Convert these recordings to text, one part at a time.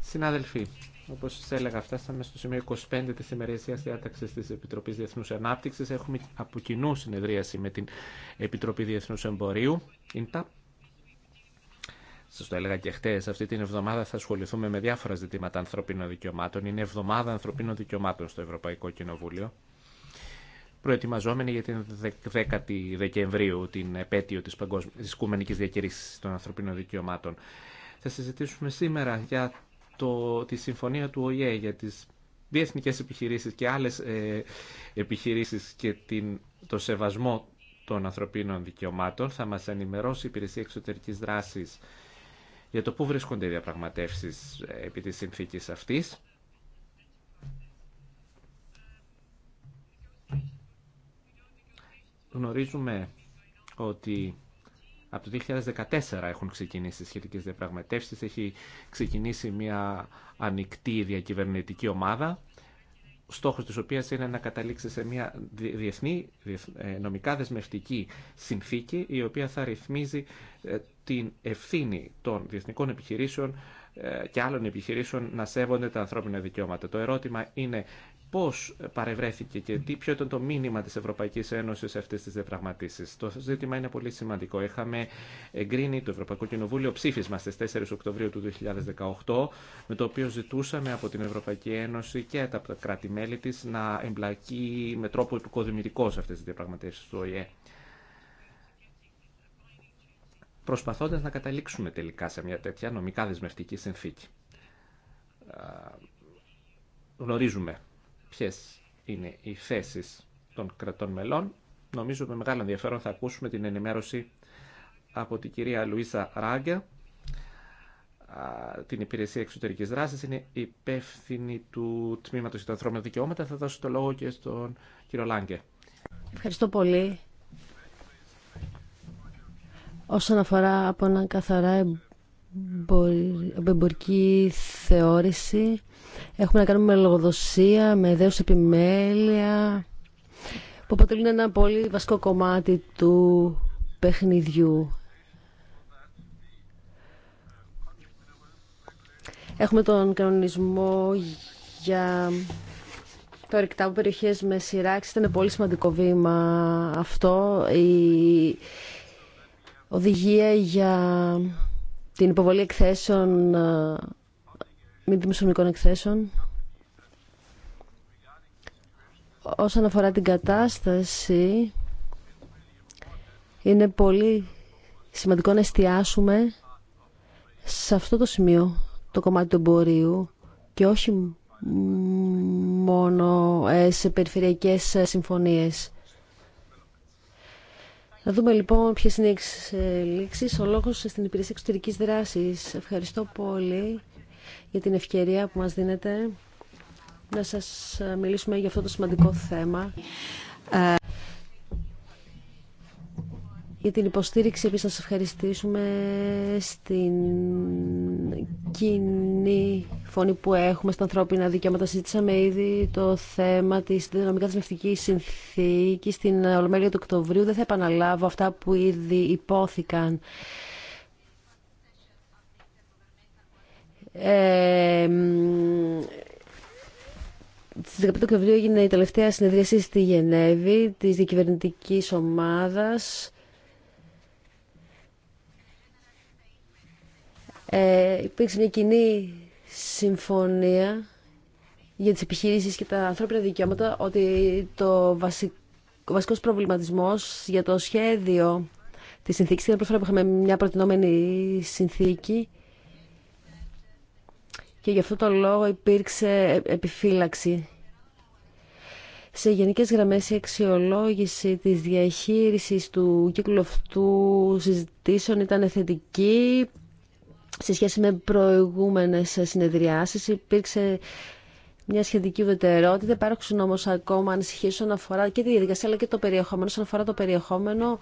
Συνάδελφοι, όπω σα έλεγα, φτάσαμε στο σημείο 25 τη ημερήσια διάταξη τη Επιτροπή Διεθνού ανάπτυξη. Έχουμε από κοινού συνεδρίαση με την Επιτροπή Διεθνού Εμπορίου, ΙΝΤΑ. Σα το έλεγα και χτε, αυτή την εβδομάδα θα ασχοληθούμε με διάφορα ζητήματα ανθρωπίνων δικαιωμάτων. Είναι εβδομάδα ανθρωπίνων δικαιωμάτων στο Ευρωπαϊκό Κοινοβούλιο προετοιμαζόμενοι για την 10η Δεκεμβρίου, την επέτειο της, παγκόσμ... της των Ανθρωπίνων Δικαιωμάτων. Θα συζητήσουμε σήμερα για το... τη συμφωνία του ΟΗΕ για τις διεθνικές επιχειρήσεις και άλλες ε, επιχειρήσεις και την... το σεβασμό των ανθρωπίνων δικαιωμάτων. Θα μας ενημερώσει η Υπηρεσία Εξωτερικής Δράσης για το πού βρίσκονται οι διαπραγματεύσεις ε, επί της συνθήκης αυτής. Γνωρίζουμε ότι από το 2014 έχουν ξεκινήσει σχετικές διαπραγματεύσεις. Έχει ξεκινήσει μια ανοιχτή διακυβερνητική ομάδα, στόχος της οποίας είναι να καταλήξει σε μια διεθνή, ε, νομικά δεσμευτική συνθήκη, η οποία θα ρυθμίζει ε, την ευθύνη των διεθνικών επιχειρήσεων ε, και άλλων επιχειρήσεων να σέβονται τα ανθρώπινα δικαιώματα. Το ερώτημα είναι Πώ παρευρέθηκε και τι ποιο ήταν το μήνυμα της Ευρωπαϊκής Ένωσης σε αυτές τις διαπραγματεύσεις. Το ζήτημα είναι πολύ σημαντικό. Είχαμε εγκρίνει το Ευρωπαϊκό Κοινοβούλιο ψήφισμα στι 4 Οκτωβρίου του 2018 με το οποίο ζητούσαμε από την Ευρωπαϊκή Ένωση και από τα κράτη-μέλη της να εμπλακεί με τρόπο υποκοδημητικό σε αυτέ τι διαπραγματεύσει του ΟΗΕ Προσπαθώντα να καταλήξουμε τελικά σε μια τέτοια νομικά δεσμευτική συνθήκη. Γνωρίζουμε Ποιε είναι οι θέσει των κρατών μελών. Νομίζω με μεγάλο ενδιαφέρον θα ακούσουμε την ενημέρωση από την κυρία Λουίσα Ράγκα, την Υπηρεσία Εξωτερικής Δράσης, είναι υπεύθυνη του Τμήματος για τα Ανθρώπινα Δικαιώματα. Θα δώσω το λόγο και στον κύριο Λάγκε. Ευχαριστώ πολύ. Όσον αφορά από έναν καθαρά εμπορική θεώρηση. Έχουμε να κάνουμε με λογοδοσία, με δέους επιμέλεια, που αποτελούν ένα πολύ βασικό κομμάτι του παιχνιδιού. Έχουμε τον κανονισμό για το ρηκτά από περιοχές με σειράξει. Ήταν πολύ σημαντικό βήμα αυτό. Η οδηγία για την υποβολή εκθέσεων, μη δημοσιονομικών εκθέσεων. Όσον αφορά την κατάσταση, είναι πολύ σημαντικό να εστιάσουμε σε αυτό το σημείο, το κομμάτι του εμπορίου και όχι μόνο ε, σε περιφερειακές ε, συμφωνίες. Να δούμε λοιπόν ποιες είναι οι εξελίξεις. Ο λόγος στην υπηρεσία εξωτερικής δράσης. Ευχαριστώ πολύ για την ευκαιρία που μας δίνετε να σας μιλήσουμε για αυτό το σημαντικό θέμα. Ε, για την υποστήριξη επίσης να σας ευχαριστήσουμε στην κοινή φωνή που έχουμε στα ανθρώπινα δικαιώματα. Συζήτησαμε ήδη το θέμα της δυναμικά της συνθήκης στην Ολομέλεια του Οκτωβρίου. Δεν θα επαναλάβω αυτά που ήδη υπόθηκαν. Ε, Στι 15 Οκτωβρίου έγινε η τελευταία συνεδρίαση στη Γενέβη της διακυβερνητικής ομάδας ε, υπήρξε μια κοινή συμφωνία για τις επιχειρήσεις και τα ανθρώπινα δικαιώματα ότι το βασικό, ο βασικός προβληματισμός για το σχέδιο της συνθήκης ήταν την που είχαμε μια προτινόμενη συνθήκη και γι' αυτό το λόγο υπήρξε ε, επιφύλαξη. Σε γενικές γραμμές η αξιολόγηση της διαχείρισης του κύκλου αυτού συζητήσεων ήταν θετική σε σχέση με προηγούμενες συνεδριάσεις υπήρξε μια σχετική ουδετερότητα. Υπάρχουν όμως ακόμα ανησυχίε όσον αφορά και τη διαδικασία αλλά και το περιεχόμενο. Όσον αφορά το περιεχόμενο,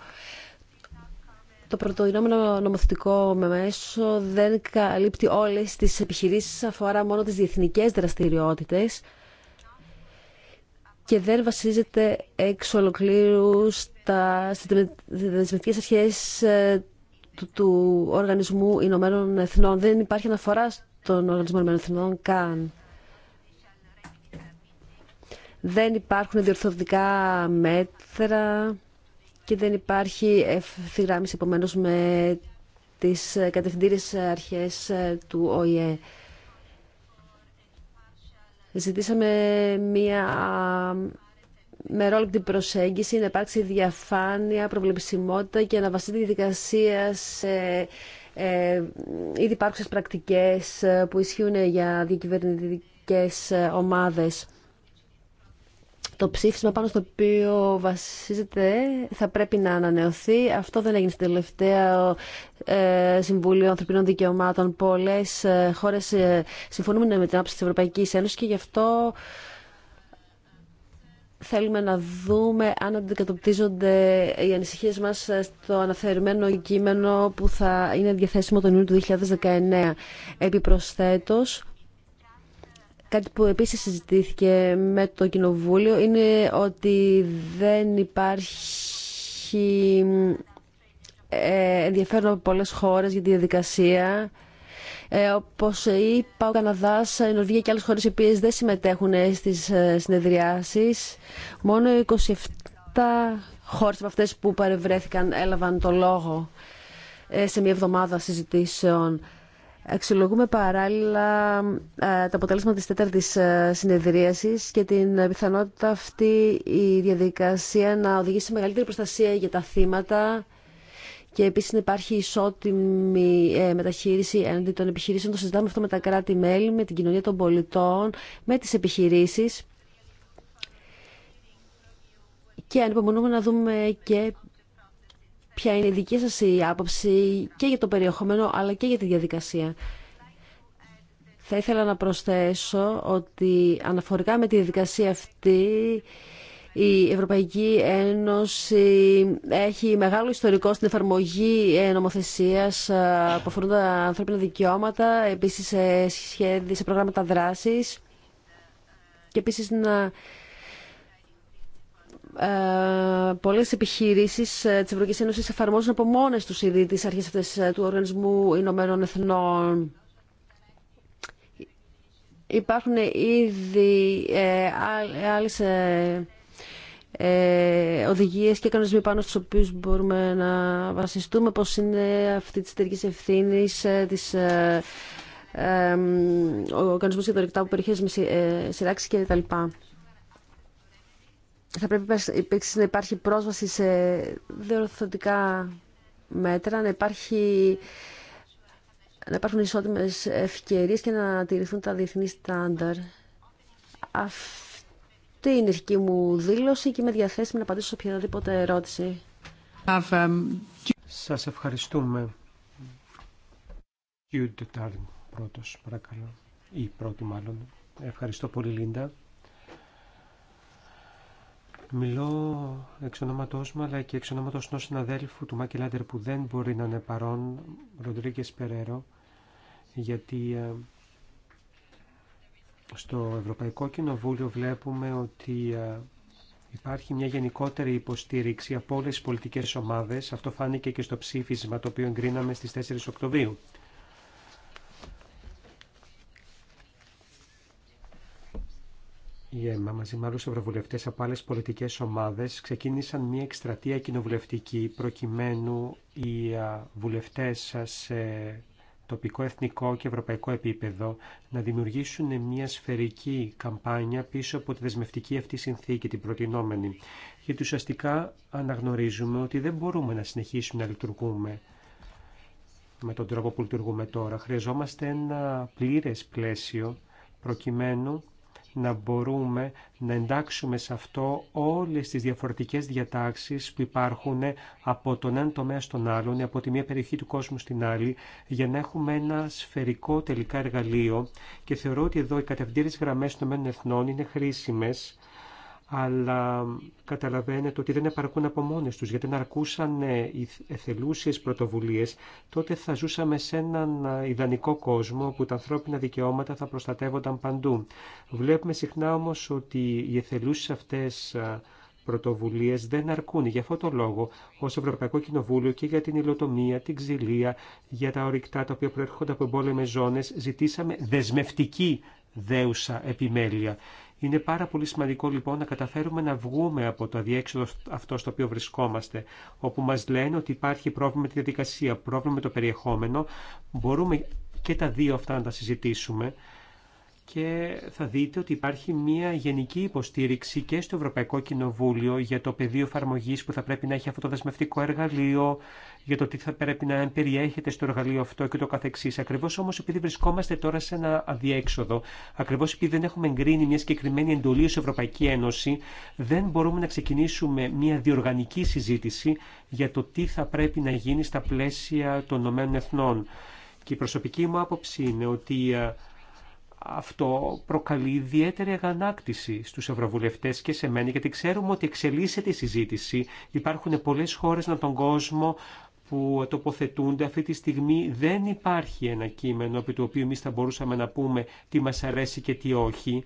το πρωτοδυνόμενο νομοθετικό με μέσο δεν καλύπτει όλες τις επιχειρήσεις, αφορά μόνο τις διεθνικές δραστηριότητες και δεν βασίζεται εξ ολοκλήρου στα, στις δεσμευτικές αρχές του Οργανισμού Ηνωμένων Εθνών. Δεν υπάρχει αναφορά στον Οργανισμό Ηνωμένων Εθνών καν. Δεν υπάρχουν διορθωτικά μέτρα και δεν υπάρχει ευθυγράμμιση επομένως με τις κατευθυντήριες αρχές του ΟΗΕ. Ζητήσαμε μία με ρόλο την προσέγγιση να υπάρξει διαφάνεια, προβλεψιμότητα και να βασίζεται η διαδικασία σε ε, ήδη υπάρχουσες πρακτικές ε, που ισχύουν για διακυβερνητικές ε, ομάδες. Το ψήφισμα πάνω στο οποίο βασίζεται θα πρέπει να ανανεωθεί. Αυτό δεν έγινε στην τελευταία ε, Συμβούλιο Ανθρωπίνων Δικαιωμάτων. Πολλές χώρες συμφωνούν με την άποψη της Ευρωπαϊκής Ένωσης και γι' αυτό θέλουμε να δούμε αν αντικατοπτρίζονται οι ανησυχίες μας στο αναθεωρημένο κείμενο που θα είναι διαθέσιμο τον Ιούνιο του 2019. Επιπροσθέτως, κάτι που επίσης συζητήθηκε με το Κοινοβούλιο είναι ότι δεν υπάρχει ε, ενδιαφέρον από πολλές χώρες για τη διαδικασία ε, όπως είπα, ο Καναδά, η Νορβηγία και άλλε χώρε οι οποίε δεν συμμετέχουν ε, στις ε, συνεδριάσεις, μόνο 27 χώρες από αυτές που παρευρέθηκαν έλαβαν το λόγο ε, σε μια εβδομάδα συζητήσεων. Αξιολογούμε παράλληλα τα αποτέλεσμα της τέταρτης συνεδρίασης και την πιθανότητα αυτή η διαδικασία να οδηγήσει σε μεγαλύτερη προστασία για τα θύματα και επίση να υπάρχει ισότιμη ε, μεταχείριση έναντι των επιχειρήσεων. Το συζητάμε αυτό με τα κράτη-μέλη, με την κοινωνία των πολιτών, με τις επιχειρήσεις. Και ανυπομονούμε να δούμε και ποια είναι η δική σας η άποψη και για το περιεχόμενο αλλά και για τη διαδικασία. Θα ήθελα να προσθέσω ότι αναφορικά με τη διαδικασία αυτή η Ευρωπαϊκή Ένωση έχει μεγάλο ιστορικό στην εφαρμογή ε, νομοθεσία ε, που αφορούν τα ανθρώπινα δικαιώματα, επίση σε, σε προγράμματα δράσης και επίσης να ε, πολλές επιχειρήσεις ε, της Ευρωπαϊκής Ένωσης εφαρμόζουν από μόνε τους ήδη τις αρχές αυτές του Οργανισμού Ηνωμένων Εθνών. Υπάρχουν ήδη ε, άλλες ε, οδηγίες και κανονισμοί πάνω στους οποίους μπορούμε να βασιστούμε, πώς είναι αυτή της εταιρική ευθύνη, ε, της, ε, ο κανονισμός για το ρηκτά που περιέχει με σειράξει και Θα πρέπει να υπάρχει πρόσβαση σε διορθωτικά μέτρα, να υπάρχει να υπάρχουν ισότιμες ευκαιρίες και να τηρηθούν τα διεθνή στάνταρ. Αυτό αυτή είναι η δική μου δήλωση και είμαι διαθέσιμη να απαντήσω σε οποιαδήποτε ερώτηση. Um, Σας ευχαριστούμε. πρώτος, παρακαλώ. Ή πρώτη μάλλον. Ευχαριστώ πολύ, Λίντα. Μιλώ εξ ονόματός μου αλλά και εξ ονόματος ενός συναδέλφου του Μάκη Λάντερ που δεν μπορεί να είναι παρόν, Ροντρίγκε Περέρο, γιατί ε, στο Ευρωπαϊκό Κοινοβούλιο βλέπουμε ότι ε, υπάρχει μια γενικότερη υποστήριξη από όλε τι πολιτικέ ομάδε. Αυτό φάνηκε και στο ψήφισμα το οποίο εγκρίναμε στις 4 Οκτωβρίου. Η ΕΜΑ μαζί με άλλου ευρωβουλευτέ από άλλε πολιτικέ ομάδε ξεκίνησαν μια εκστρατεία κοινοβουλευτική προκειμένου οι ε, βουλευτέ σε τοπικό, εθνικό και ευρωπαϊκό επίπεδο να δημιουργήσουν μια σφαιρική καμπάνια πίσω από τη δεσμευτική αυτή συνθήκη, την προτινόμενη. Γιατί ουσιαστικά αναγνωρίζουμε ότι δεν μπορούμε να συνεχίσουμε να λειτουργούμε με τον τρόπο που λειτουργούμε τώρα. Χρειαζόμαστε ένα πλήρες πλαίσιο προκειμένου να μπορούμε να εντάξουμε σε αυτό όλες τις διαφορετικές διατάξεις που υπάρχουν από τον ένα τομέα στον άλλον, από τη μία περιοχή του κόσμου στην άλλη, για να έχουμε ένα σφαιρικό τελικά εργαλείο και θεωρώ ότι εδώ οι κατευθύνες γραμμές των εθνών είναι χρήσιμες αλλά καταλαβαίνετε ότι δεν επαρκούν από μόνε του. Γιατί αν αρκούσαν οι εθελούσιε πρωτοβουλίε, τότε θα ζούσαμε σε έναν ιδανικό κόσμο όπου τα ανθρώπινα δικαιώματα θα προστατεύονταν παντού. Βλέπουμε συχνά όμω ότι οι εθελούσιε αυτέ πρωτοβουλίε δεν αρκούν. Γι' αυτό το λόγο, ω Ευρωπαϊκό Κοινοβούλιο και για την υλοτομία, την ξυλία, για τα ορυκτά τα οποία προέρχονται από εμπόλεμε ζώνε, ζητήσαμε δεσμευτική δέουσα επιμέλεια. Είναι πάρα πολύ σημαντικό λοιπόν να καταφέρουμε να βγούμε από το αδιέξοδο αυτό στο οποίο βρισκόμαστε, όπου μας λένε ότι υπάρχει πρόβλημα με τη διαδικασία, πρόβλημα με το περιεχόμενο. Μπορούμε και τα δύο αυτά να τα συζητήσουμε, και θα δείτε ότι υπάρχει μια γενική υποστήριξη και στο Ευρωπαϊκό Κοινοβούλιο για το πεδίο εφαρμογή που θα πρέπει να έχει αυτό το δεσμευτικό εργαλείο, για το τι θα πρέπει να περιέχεται στο εργαλείο αυτό και το καθεξή. Ακριβώ όμω επειδή βρισκόμαστε τώρα σε ένα αδιέξοδο, ακριβώ επειδή δεν έχουμε εγκρίνει μια συγκεκριμένη εντολή ω Ευρωπαϊκή Ένωση, δεν μπορούμε να ξεκινήσουμε μια διοργανική συζήτηση για το τι θα πρέπει να γίνει στα πλαίσια των ΗΕ. Και η προσωπική μου άποψη είναι ότι ε, αυτό προκαλεί ιδιαίτερη αγανάκτηση στου ευρωβουλευτέ και σε μένα, γιατί ξέρουμε ότι εξελίσσεται η συζήτηση. Υπάρχουν πολλέ χώρε ανά τον κόσμο που τοποθετούνται αυτή τη στιγμή δεν υπάρχει ένα κείμενο από το οποίο εμεί θα μπορούσαμε να πούμε τι μας αρέσει και τι όχι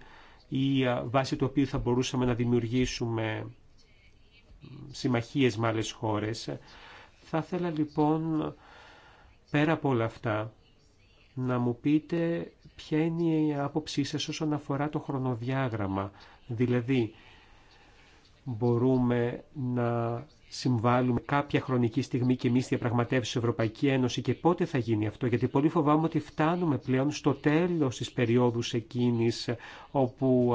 ή βάσει του οποίου θα μπορούσαμε να δημιουργήσουμε συμμαχίε με άλλε χώρε. Θα ήθελα λοιπόν πέρα από όλα αυτά να μου πείτε ποια είναι η άποψή σας όσον αφορά το χρονοδιάγραμμα. Δηλαδή, μπορούμε να συμβάλλουμε κάποια χρονική στιγμή και εμεί διαπραγματεύσει στην Ευρωπαϊκή Ένωση και πότε θα γίνει αυτό. Γιατί πολύ φοβάμαι ότι φτάνουμε πλέον στο τέλος της περίοδου εκείνη όπου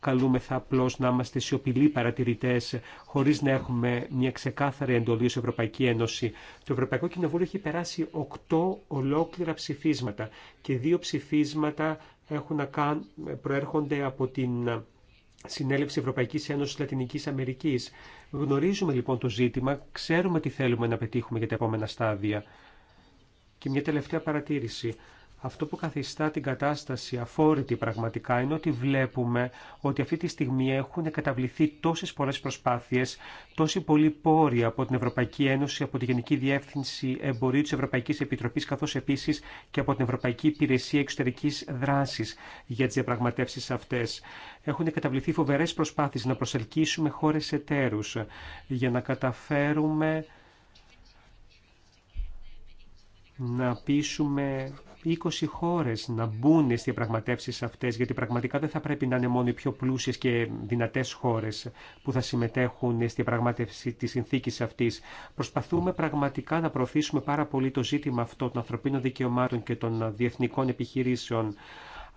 καλούμεθα απλώ να είμαστε σιωπηλοί παρατηρητέ, χωρί να έχουμε μια ξεκάθαρη εντολή ω Ευρωπαϊκή Ένωση. Το Ευρωπαϊκό Κοινοβούλιο έχει περάσει οκτώ ολόκληρα ψηφίσματα και δύο ψηφίσματα έχουν να προέρχονται από την Συνέλευση Ευρωπαϊκή Ένωση Λατινική Αμερική. Γνωρίζουμε λοιπόν το ζήτημα, ξέρουμε τι θέλουμε να πετύχουμε για τα επόμενα στάδια. Και μια τελευταία παρατήρηση. Αυτό που καθιστά την κατάσταση αφόρητη πραγματικά είναι ότι βλέπουμε ότι αυτή τη στιγμή έχουν καταβληθεί τόσες πολλές προσπάθειες, τόσοι πολλοί πόροι από την Ευρωπαϊκή Ένωση, από τη Γενική Διεύθυνση Εμπορίου της Ευρωπαϊκής Επιτροπής, καθώς επίσης και από την Ευρωπαϊκή Υπηρεσία Εξωτερικής Δράσης για τις διαπραγματεύσεις αυτές. Έχουν καταβληθεί φοβερές προσπάθειες να προσελκύσουμε χώρες εταίρους για να καταφέρουμε να πείσουμε 20 χώρε να μπουν στι διαπραγματεύσει αυτές, γιατί πραγματικά δεν θα πρέπει να είναι μόνο οι πιο πλούσιε και δυνατές χώρε που θα συμμετέχουν στη διαπραγμάτευση τη συνθήκη αυτή. Προσπαθούμε πραγματικά να προωθήσουμε πάρα πολύ το ζήτημα αυτό των ανθρωπίνων δικαιωμάτων και των διεθνικών επιχειρήσεων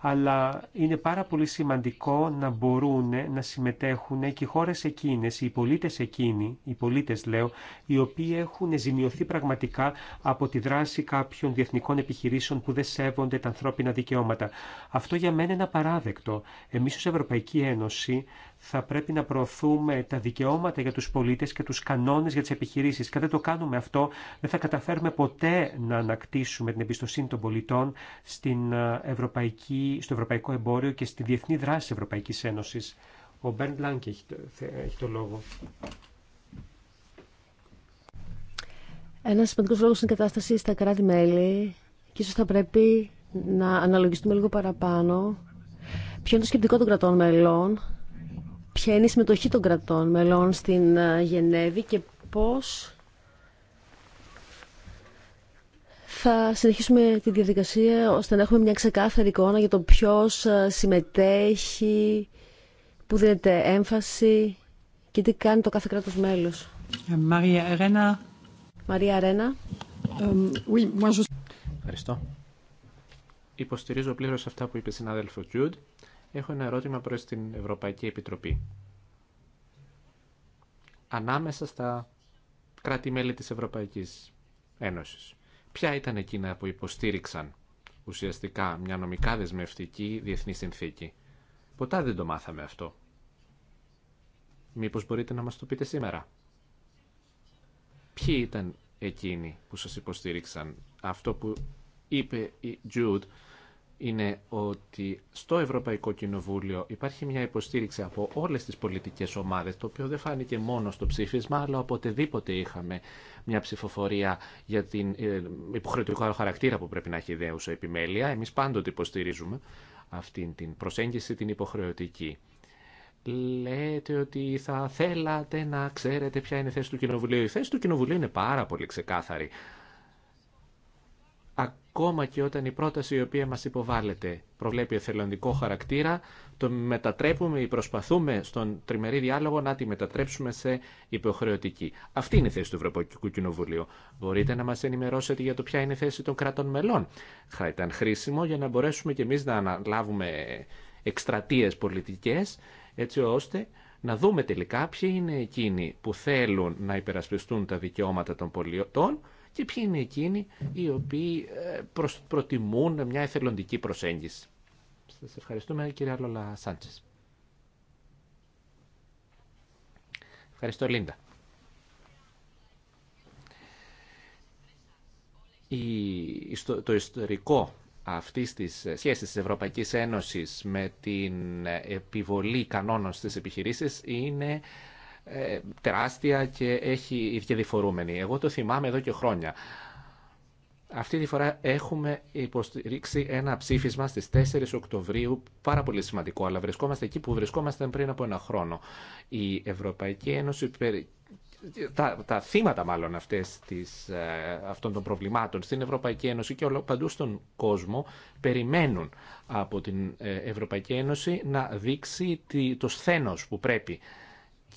αλλά είναι πάρα πολύ σημαντικό να μπορούν να συμμετέχουν και οι χώρες εκείνες, οι πολίτες εκείνοι, οι πολίτες λέω, οι οποίοι έχουν ζημιωθεί πραγματικά από τη δράση κάποιων διεθνικών επιχειρήσεων που δεν σέβονται τα ανθρώπινα δικαιώματα. Αυτό για μένα είναι απαράδεκτο. Εμείς ως Ευρωπαϊκή Ένωση θα πρέπει να προωθούμε τα δικαιώματα για τους πολίτες και τους κανόνες για τις επιχειρήσεις. Και δεν το κάνουμε αυτό, δεν θα καταφέρουμε ποτέ να ανακτήσουμε την εμπιστοσύνη των πολιτών στην ε, ευρωπαϊκή, στο ευρωπαϊκό εμπόριο και στη διεθνή δράση Ευρωπαϊκής Ένωσης. Ο Μπέρντ Λάνκ έχει, έχει το λόγο. Ένα σημαντικό λόγο στην κατάσταση στα κράτη-μέλη και ίσω θα πρέπει να αναλογιστούμε λίγο παραπάνω ποιο είναι το σκεπτικό των κρατών μελών ποια είναι η συμμετοχή των κρατών μελών στην ε, Γενέβη και πώς θα συνεχίσουμε τη διαδικασία ώστε να έχουμε μια ξεκάθαρη εικόνα για το ποιος ε, συμμετέχει, που δίνεται έμφαση και τι κάνει το κάθε κράτος μέλος. Ε, Μαρία Αρένα. Μαρία Ρένα. Ευχαριστώ. Υποστηρίζω πλήρως αυτά που είπε η συνάδελφο Τζουντ. Έχω ένα ερώτημα προς την Ευρωπαϊκή Επιτροπή. Ανάμεσα στα κράτη-μέλη της Ευρωπαϊκής Ένωσης, ποια ήταν εκείνα που υποστήριξαν ουσιαστικά μια νομικά δεσμευτική διεθνή συνθήκη. Ποτά δεν το μάθαμε αυτό. Μήπως μπορείτε να μας το πείτε σήμερα. Ποιοι ήταν εκείνοι που σας υποστήριξαν αυτό που είπε η Jude είναι ότι στο Ευρωπαϊκό Κοινοβούλιο υπάρχει μια υποστήριξη από όλες τις πολιτικές ομάδες, το οποίο δεν φάνηκε μόνο στο ψήφισμα, αλλά οποτεδήποτε είχαμε μια ψηφοφορία για την ε, υποχρεωτικό χαρακτήρα που πρέπει να έχει ιδέουσα επιμέλεια. Εμείς πάντοτε υποστηρίζουμε αυτή την προσέγγιση την υποχρεωτική. Λέτε ότι θα θέλατε να ξέρετε ποια είναι η θέση του Κοινοβουλίου. Η θέση του Κοινοβουλίου είναι πάρα πολύ ξεκάθαρη ακόμα και όταν η πρόταση η οποία μας υποβάλλεται προβλέπει εθελοντικό χαρακτήρα, το μετατρέπουμε ή προσπαθούμε στον τριμερή διάλογο να τη μετατρέψουμε σε υποχρεωτική. Αυτή είναι η θέση του Ευρωπαϊκού Κοινοβουλίου. Μπορείτε να μας ενημερώσετε για το ποια είναι η θέση των κρατών μελών. Θα ήταν χρήσιμο για να μπορέσουμε και εμείς να αναλάβουμε εκστρατείες πολιτικές, έτσι ώστε να δούμε τελικά ποιοι είναι εκείνοι που θέλουν να υπερασπιστούν τα δικαιώματα των πολιτών και ποιοι είναι εκείνοι οι οποίοι ε, προτιμούν μια εθελοντική προσέγγιση. Σα ευχαριστούμε κυρία Λόλα Σάντσες. Ευχαριστώ Λίντα. το ιστορικό αυτής της σχέση τη Ευρωπαϊκή Ένωσης με την επιβολή κανόνων στις επιχειρήσεις είναι ε, τεράστια και έχει και διφορούμενη. Εγώ το θυμάμαι εδώ και χρόνια. Αυτή τη φορά έχουμε υποστηρίξει ένα ψήφισμα στις 4 Οκτωβρίου, πάρα πολύ σημαντικό, αλλά βρισκόμαστε εκεί που βρισκόμαστε πριν από ένα χρόνο. Η Ευρωπαϊκή Ένωση τα, τα θύματα μάλλον αυτές της, ε, αυτών των προβλημάτων στην Ευρωπαϊκή Ένωση και παντού στον κόσμο περιμένουν από την ε, Ευρωπαϊκή Ένωση να δείξει το σθένος που πρέπει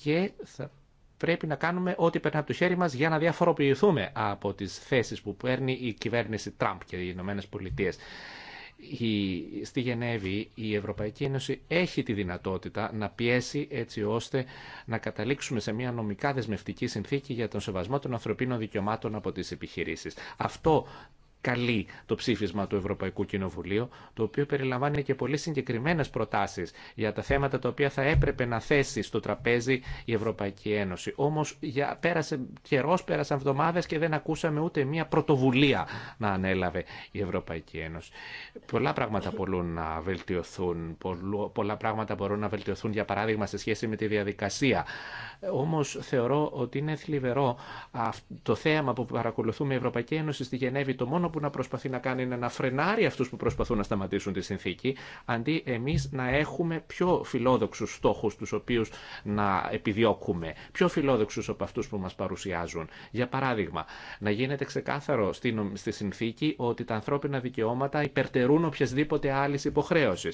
και θα πρέπει να κάνουμε ό,τι περνάει από το χέρι μας για να διαφοροποιηθούμε από τις θέσεις που παίρνει η κυβέρνηση Τραμπ και οι Ηνωμένε Πολιτείες. στη Γενέβη η Ευρωπαϊκή Ένωση έχει τη δυνατότητα να πιέσει έτσι ώστε να καταλήξουμε σε μια νομικά δεσμευτική συνθήκη για τον σεβασμό των ανθρωπίνων δικαιωμάτων από τις επιχειρήσεις. Αυτό καλή το ψήφισμα του Ευρωπαϊκού Κοινοβουλίου, το οποίο περιλαμβάνει και πολύ συγκεκριμένε προτάσει για τα θέματα τα οποία θα έπρεπε να θέσει στο τραπέζι η Ευρωπαϊκή Ένωση. Όμω πέρασε καιρό, πέρασαν εβδομάδε και δεν ακούσαμε ούτε μία πρωτοβουλία να ανέλαβε η Ευρωπαϊκή Ένωση. Πολλά πράγματα μπορούν να βελτιωθούν. Πολλά πράγματα μπορούν να βελτιωθούν, για παράδειγμα, σε σχέση με τη διαδικασία. Όμω θεωρώ ότι είναι θλιβερό το θέμα που παρακολουθούμε η Ευρωπαϊκή Ένωση στη Γενέβη, το μόνο που να προσπαθεί να κάνει είναι να φρενάρει αυτού που προσπαθούν να σταματήσουν τη συνθήκη, αντί εμεί να έχουμε πιο φιλόδοξου στόχου του οποίου να επιδιώκουμε, πιο φιλόδοξου από αυτού που μα παρουσιάζουν. Για παράδειγμα, να γίνεται ξεκάθαρο στη συνθήκη ότι τα ανθρώπινα δικαιώματα υπερτερούν οποιασδήποτε άλλη υποχρέωση.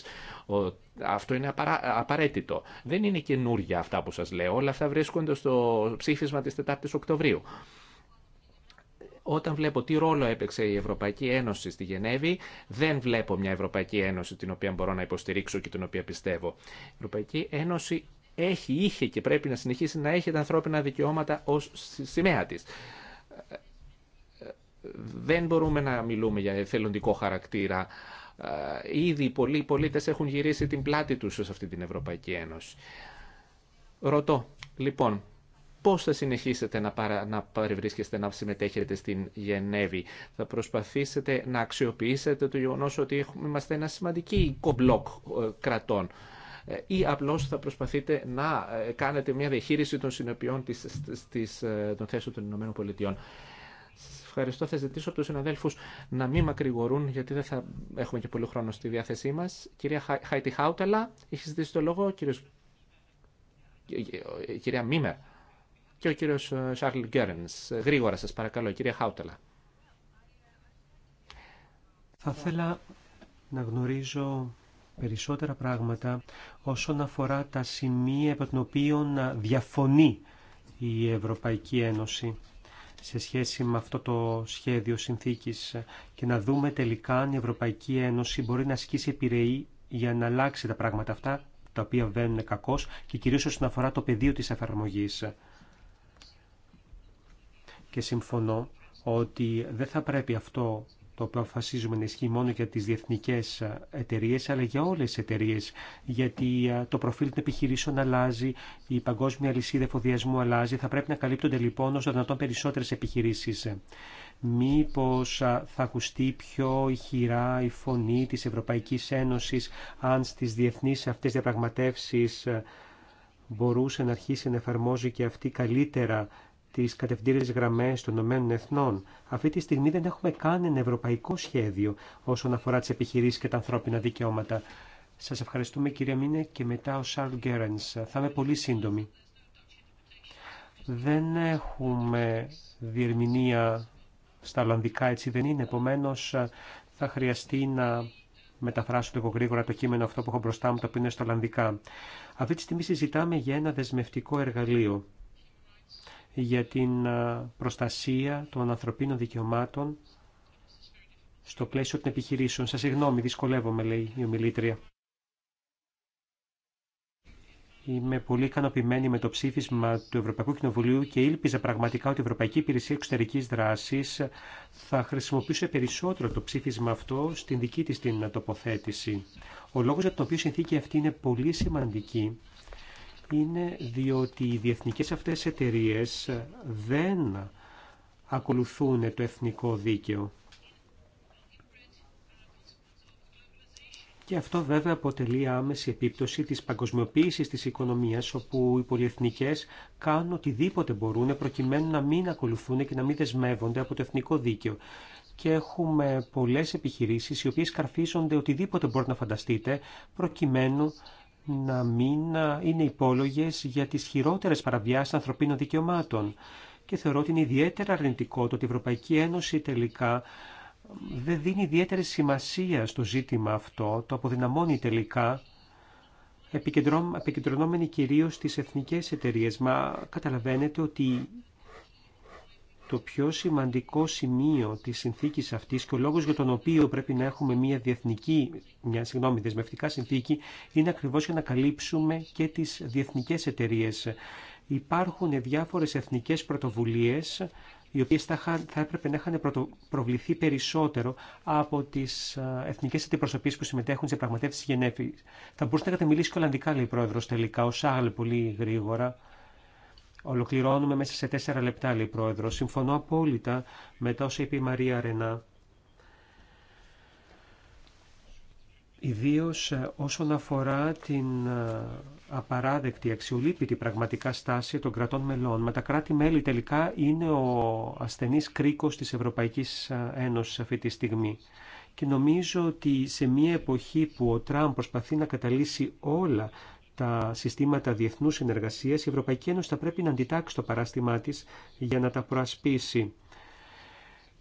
Αυτό είναι απαραίτητο. Δεν είναι καινούργια αυτά που σα λέω. Όλα αυτά βρίσκονται στο ψήφισμα τη 4 η Οκτωβρίου. Όταν βλέπω τι ρόλο έπαιξε η Ευρωπαϊκή Ένωση στη Γενέβη, δεν βλέπω μια Ευρωπαϊκή Ένωση την οποία μπορώ να υποστηρίξω και την οποία πιστεύω. Η Ευρωπαϊκή Ένωση έχει, είχε και πρέπει να συνεχίσει να έχει τα ανθρώπινα δικαιώματα ως σημαία της. Δεν μπορούμε να μιλούμε για εθελοντικό χαρακτήρα. Ε, ήδη πολλοί πολίτες έχουν γυρίσει την πλάτη τους σε αυτή την Ευρωπαϊκή Ένωση. Ρωτώ, λοιπόν, πώς θα συνεχίσετε να, παρα, να παρευρίσκεστε να συμμετέχετε στην Γενέβη. Θα προσπαθήσετε να αξιοποιήσετε το γεγονός ότι είμαστε ένα σημαντική κομπλόκ ε, κρατών ε, ή απλώς θα προσπαθείτε να ε, κάνετε μια διαχείριση των συνεπειών της, της, των θέσεων των Ηνωμένων Πολιτειών. Σας ευχαριστώ. Θα ζητήσω από τους συναδέλφους να μην μακρηγορούν, γιατί δεν θα έχουμε και πολύ χρόνο στη διάθεσή μας. Κυρία Χάιτι Χάουταλα, έχει ζητήσει το λόγο. Κύριος... Κυρία Μίμερ και ο κύριος Σάρλ ε, Γκέρενς. Γρήγορα σας παρακαλώ, κυρία Χάουτελα. Θα ήθελα να γνωρίζω περισσότερα πράγματα όσον αφορά τα σημεία από την οποία διαφωνεί η Ευρωπαϊκή Ένωση σε σχέση με αυτό το σχέδιο συνθήκης και να δούμε τελικά αν η Ευρωπαϊκή Ένωση μπορεί να ασκήσει επιρροή για να αλλάξει τα πράγματα αυτά τα οποία βαίνουν κακώς και κυρίως όσον αφορά το πεδίο της εφαρμογής και συμφωνώ ότι δεν θα πρέπει αυτό το οποίο αποφασίζουμε να ισχύει μόνο για τις διεθνικές εταιρείε, αλλά για όλες τις εταιρείε. γιατί ε, το προφίλ των επιχειρήσεων αλλάζει, η παγκόσμια λυσίδα εφοδιασμού αλλάζει, θα πρέπει να καλύπτονται λοιπόν όσο δυνατόν περισσότερες επιχειρήσεις. Μήπως ε, θα ακουστεί πιο ηχηρά η φωνή της Ευρωπαϊκής Ένωσης αν στις διεθνείς αυτές διαπραγματεύσεις ε, μπορούσε να αρχίσει να εφαρμόζει και αυτή καλύτερα τι κατευθύνες γραμμέ των Ηνωμένων Εθνών. Αυτή τη στιγμή δεν έχουμε καν ένα ευρωπαϊκό σχέδιο όσον αφορά τι επιχειρήσει και τα ανθρώπινα δικαιώματα. Σα ευχαριστούμε κυρία Μίνε και μετά ο Σαρλ Γκέρεν. Θα είμαι πολύ σύντομη. Δεν έχουμε διερμηνία στα Ολλανδικά, έτσι δεν είναι. επομένω, θα χρειαστεί να μεταφράσω λίγο γρήγορα το κείμενο αυτό που έχω μπροστά μου, το οποίο είναι στα Ολλανδικά. Αυτή τη στιγμή συζητάμε για ένα δεσμευτικό εργαλείο για την ε, προστασία των ανθρωπίνων δικαιωμάτων στο πλαίσιο των επιχειρήσεων. Σας συγγνώμη, δυσκολεύομαι, λέει η ομιλήτρια. Είμαι πολύ ικανοποιημένη με το ψήφισμα του Ευρωπαϊκού Κοινοβουλίου και ήλπιζα πραγματικά ότι η Ευρωπαϊκή Υπηρεσία Εξωτερική Δράση θα χρησιμοποιούσε περισσότερο το ψήφισμα αυτό στην δική τη την τοποθέτηση. Ο λόγο για τον οποίο η συνθήκη αυτή είναι πολύ σημαντική είναι διότι οι διεθνικές αυτές εταιρείες δεν ακολουθούν το εθνικό δίκαιο. Και αυτό βέβαια αποτελεί άμεση επίπτωση της παγκοσμιοποίησης της οικονομίας, όπου οι πολυεθνικές κάνουν οτιδήποτε μπορούν προκειμένου να μην ακολουθούν και να μην δεσμεύονται από το εθνικό δίκαιο. Και έχουμε πολλές επιχειρήσεις οι οποίες καρφίζονται οτιδήποτε μπορεί να φανταστείτε προκειμένου να μην είναι υπόλογε για τις χειρότερες παραβιάσεις ανθρωπίνων δικαιωμάτων. Και θεωρώ ότι είναι ιδιαίτερα αρνητικό το ότι η Ευρωπαϊκή Ένωση τελικά δεν δίνει ιδιαίτερη σημασία στο ζήτημα αυτό, το αποδυναμώνει τελικά, επικεντρωνόμενοι κυρίως στις εθνικές εταιρείες. Μα καταλαβαίνετε ότι το πιο σημαντικό σημείο τη συνθήκη αυτή και ο λόγο για τον οποίο πρέπει να έχουμε μια διεθνική, μια συγγνώμη, δεσμευτικά συνθήκη είναι ακριβώ για να καλύψουμε και τι διεθνικέ εταιρείε. Υπάρχουν διάφορε εθνικέ πρωτοβουλίε, οι οποίε θα, έπρεπε να είχαν προβληθεί περισσότερο από τι εθνικέ αντιπροσωπείες που συμμετέχουν σε πραγματεύσει Γενέφη. Θα μπορούσατε να μιλήσει και Ολλανδικά, λέει η πρόεδρο τελικά, ο Σάγλ πολύ γρήγορα. Ολοκληρώνουμε μέσα σε τέσσερα λεπτά, λέει Πρόεδρο. Συμφωνώ απόλυτα με τα όσα είπε η Μαρία Ρενά. Ιδίω ε, όσον αφορά την ε, απαράδεκτη, αξιολύπητη πραγματικά στάση των κρατών μελών. Μα τα κράτη-μέλη τελικά είναι ο ασθενή κρίκος τη Ευρωπαϊκή ε, Ένωση αυτή τη στιγμή. Και νομίζω ότι σε μια εποχή που ο Τραμπ προσπαθεί να καταλύσει όλα τα συστήματα διεθνού συνεργασία, η Ευρωπαϊκή Ένωση θα πρέπει να αντιτάξει το παράστημά τη για να τα προασπίσει.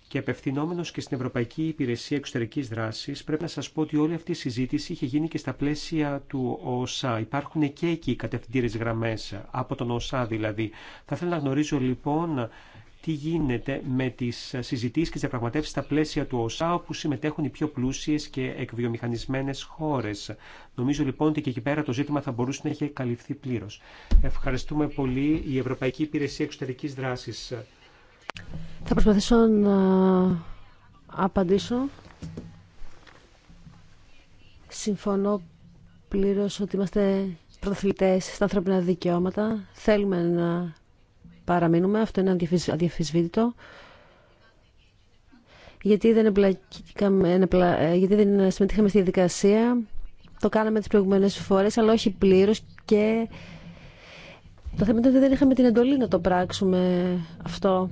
Και απευθυνόμενο και στην Ευρωπαϊκή Υπηρεσία Εξωτερική Δράση, πρέπει να σα πω ότι όλη αυτή η συζήτηση είχε γίνει και στα πλαίσια του ΟΣΑ. Υπάρχουν και εκεί κατευθυντήρε γραμμέ, από τον ΟΣΑ δηλαδή. Θα ήθελα να γνωρίζω λοιπόν τι γίνεται με τις συζητήσει και τι διαπραγματεύσει στα πλαίσια του ΟΣΑ, όπου συμμετέχουν οι πιο πλούσιες και εκβιομηχανισμένες χώρες. Νομίζω λοιπόν ότι και εκεί πέρα το ζήτημα θα μπορούσε να έχει καλυφθεί πλήρω. Ευχαριστούμε πολύ η Ευρωπαϊκή Υπηρεσία Εξωτερική Δράσης. Θα προσπαθήσω να απαντήσω. Συμφωνώ πλήρως ότι είμαστε προθλητές στα ανθρώπινα δικαιώματα. Θέλουμε να παραμείνουμε, αυτό είναι αδιαφυσβήτητο. Γιατί δεν, ε, ε, γιατί δεν συμμετείχαμε στη διαδικασία, το κάναμε τις προηγουμένες φορές, αλλά όχι πλήρως και το θέμα ήταν ότι δεν είχαμε την εντολή να το πράξουμε αυτό.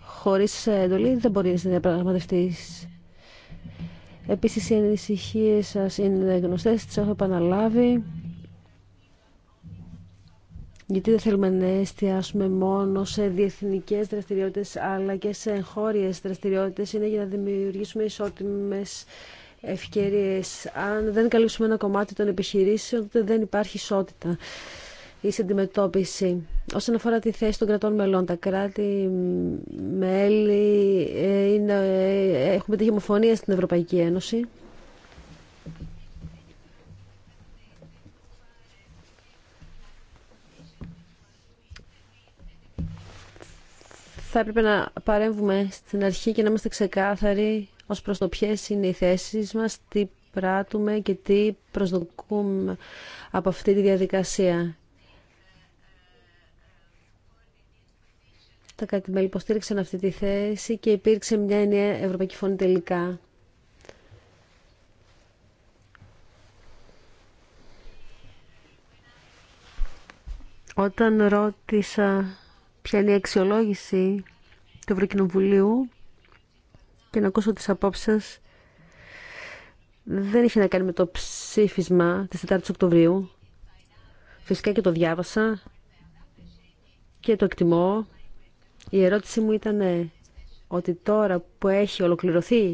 Χωρίς εντολή δεν μπορεί να διαπραγματευτείς. Επίσης οι ανησυχίες σας είναι γνωστές, τις έχω επαναλάβει γιατί δεν θέλουμε να εστιάσουμε μόνο σε διεθνικές δραστηριότητες αλλά και σε εγχώριες δραστηριότητες είναι για να δημιουργήσουμε ισότιμε ευκαιρίες. Αν δεν καλύψουμε ένα κομμάτι των επιχειρήσεων τότε δεν υπάρχει ισότητα ή σε αντιμετώπιση. Όσον αφορά τη θέση των κρατών μελών, τα κράτη μέλη ε, είναι, ε, έχουμε τη γεμοφωνία στην Ευρωπαϊκή Ένωση. θα έπρεπε να παρέμβουμε στην αρχή και να είμαστε ξεκάθαροι ως προς το ποιες είναι οι θέσεις μας, τι πράττουμε και τι προσδοκούμε από αυτή τη διαδικασία. Τα κάτι υποστήριξαν αυτή τη θέση και υπήρξε μια ενιαία Ευρωπαϊκή Φωνή τελικά. Όταν ρώτησα ποια είναι η αξιολόγηση του Ευρωκοινοβουλίου και να ακούσω τις απόψεις δεν είχε να κάνει με το ψήφισμα της 4ης Οκτωβρίου. Φυσικά και το διάβασα και το εκτιμώ. Η ερώτηση μου ήταν ε, ότι τώρα που έχει ολοκληρωθεί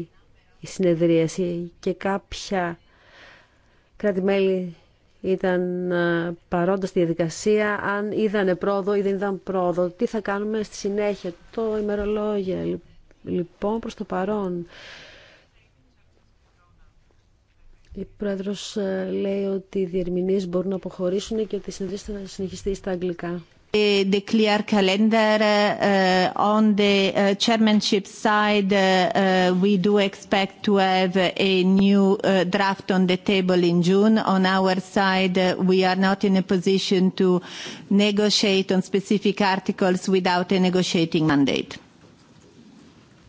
η συνεδρίαση και κάποια κράτη-μέλη ήταν ε, παρόντα στη διαδικασία, αν είδανε πρόοδο ή δεν είδαν πρόοδο, τι θα κάνουμε στη συνέχεια, το ημερολόγιο, Λοιπόν, προς το παρόν, η Πρόεδρος ε, λέει ότι οι διερμηνείς μπορούν να αποχωρήσουν και ότι η να θα συνεχιστεί στα αγγλικά the clear calendar. On the chairmanship side, we do expect to have a new draft on the table in June. On our side, we are not in a position to negotiate on specific articles without a negotiating mandate.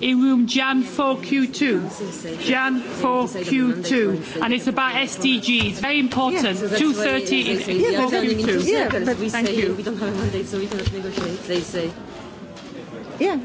in room Jan 4Q2. Jan 4Q2. And it's about SDGs. Very important. 2.30 in 4Q2. Yeah, thank you. We don't have a mandate, so we cannot negotiate, they say. Yeah.